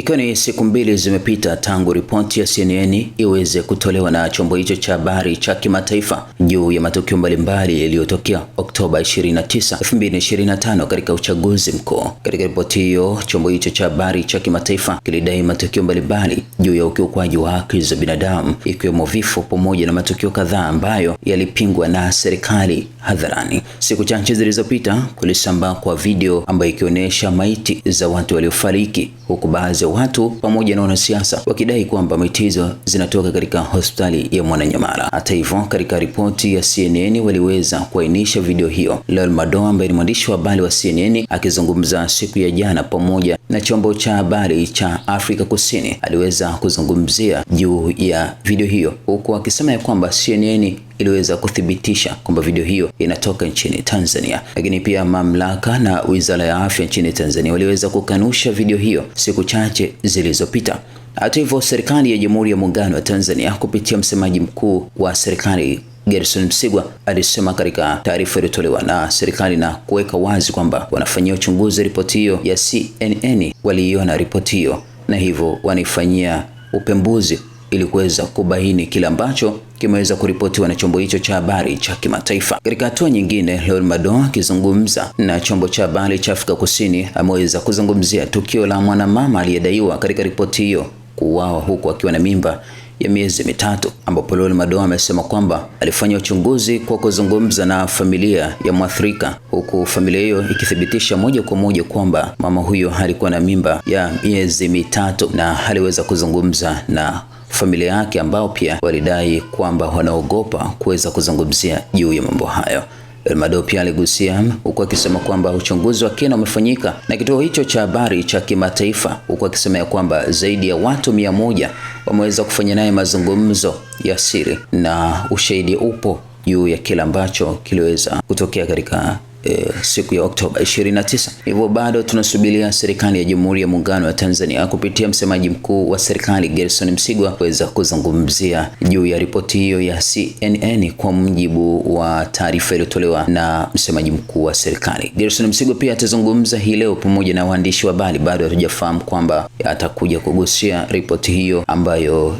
Ikiwa ni siku mbili zimepita tangu ripoti ya CNN iweze kutolewa na chombo hicho cha habari cha kimataifa juu ya matukio mbalimbali yaliyotokea Oktoba 29, 2025 katika uchaguzi mkuu. Katika ripoti hiyo, chombo hicho cha habari cha kimataifa kilidai matukio mbalimbali juu ya ukiukwaji wa haki za binadamu ikiwemo vifo pamoja na matukio kadhaa ambayo yalipingwa na serikali hadharani. Siku chache zilizopita, kulisambaa kwa video ambayo ikionyesha maiti za watu waliofariki huku baadhi watu pamoja na wanasiasa wakidai kwamba maiti hizo zinatoka katika hospitali ya Mwananyamala. Hata hivyo, katika ripoti ya CNN waliweza kuainisha video hiyo. Lol Mado ambaye ni mwandishi wa habari wa CNN akizungumza siku ya jana pamoja na chombo cha habari cha Afrika Kusini aliweza kuzungumzia juu ya video hiyo huku akisema ya kwamba CNN iliweza kuthibitisha kwamba video hiyo inatoka nchini Tanzania, lakini pia mamlaka na Wizara ya Afya nchini Tanzania waliweza kukanusha video hiyo siku chache zilizopita. Hata hivyo, serikali ya Jamhuri ya Muungano wa Tanzania kupitia msemaji mkuu wa serikali Gerson Msigwa alisema katika taarifa iliyotolewa na serikali na kuweka wazi kwamba wanafanyia uchunguzi ripoti hiyo ya CNN, waliiona ripoti hiyo na hivyo wanaifanyia upembuzi ili kuweza kubaini kile ambacho kimeweza kuripotiwa na chombo hicho cha habari cha kimataifa. Katika hatua nyingine, Lord Mado akizungumza na chombo cha habari cha Afrika Kusini ameweza kuzungumzia tukio la mwanamama aliyedaiwa katika ripoti hiyo kuuawa huku akiwa na mimba ya miezi mitatu ambapo Lord Mado amesema kwamba alifanya uchunguzi kwa kuzungumza na familia ya mwathirika, huku familia hiyo ikithibitisha moja kwa moja kwamba mama huyo alikuwa na mimba ya miezi mitatu na aliweza kuzungumza na familia yake ambao pia walidai kwamba wanaogopa kuweza kuzungumzia juu ya mambo hayo. Elmado pia aligusia huku akisema kwamba uchunguzi wa kina umefanyika na kituo hicho cha habari cha kimataifa, huku akisema ya kwamba zaidi ya watu mia moja wameweza kufanya naye mazungumzo ya siri na ushahidi upo juu ya kile ambacho kiliweza kutokea katika e, siku ya Oktoba 29. Hivyo bado tunasubiria serikali ya Jamhuri ya Muungano wa Tanzania kupitia msemaji mkuu wa serikali Gerson Msigwa kuweza kuzungumzia juu ya ripoti hiyo ya CNN kwa mujibu wa taarifa iliyotolewa na msemaji mkuu wa serikali. Gerson Msigwa pia atazungumza hii leo pamoja na waandishi wa habari, bado hatujafahamu kwamba atakuja kugusia ripoti hiyo ambayo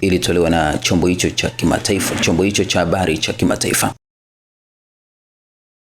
ilitolewa ili na chombo hicho cha kimataifa, chombo hicho cha habari cha kimataifa.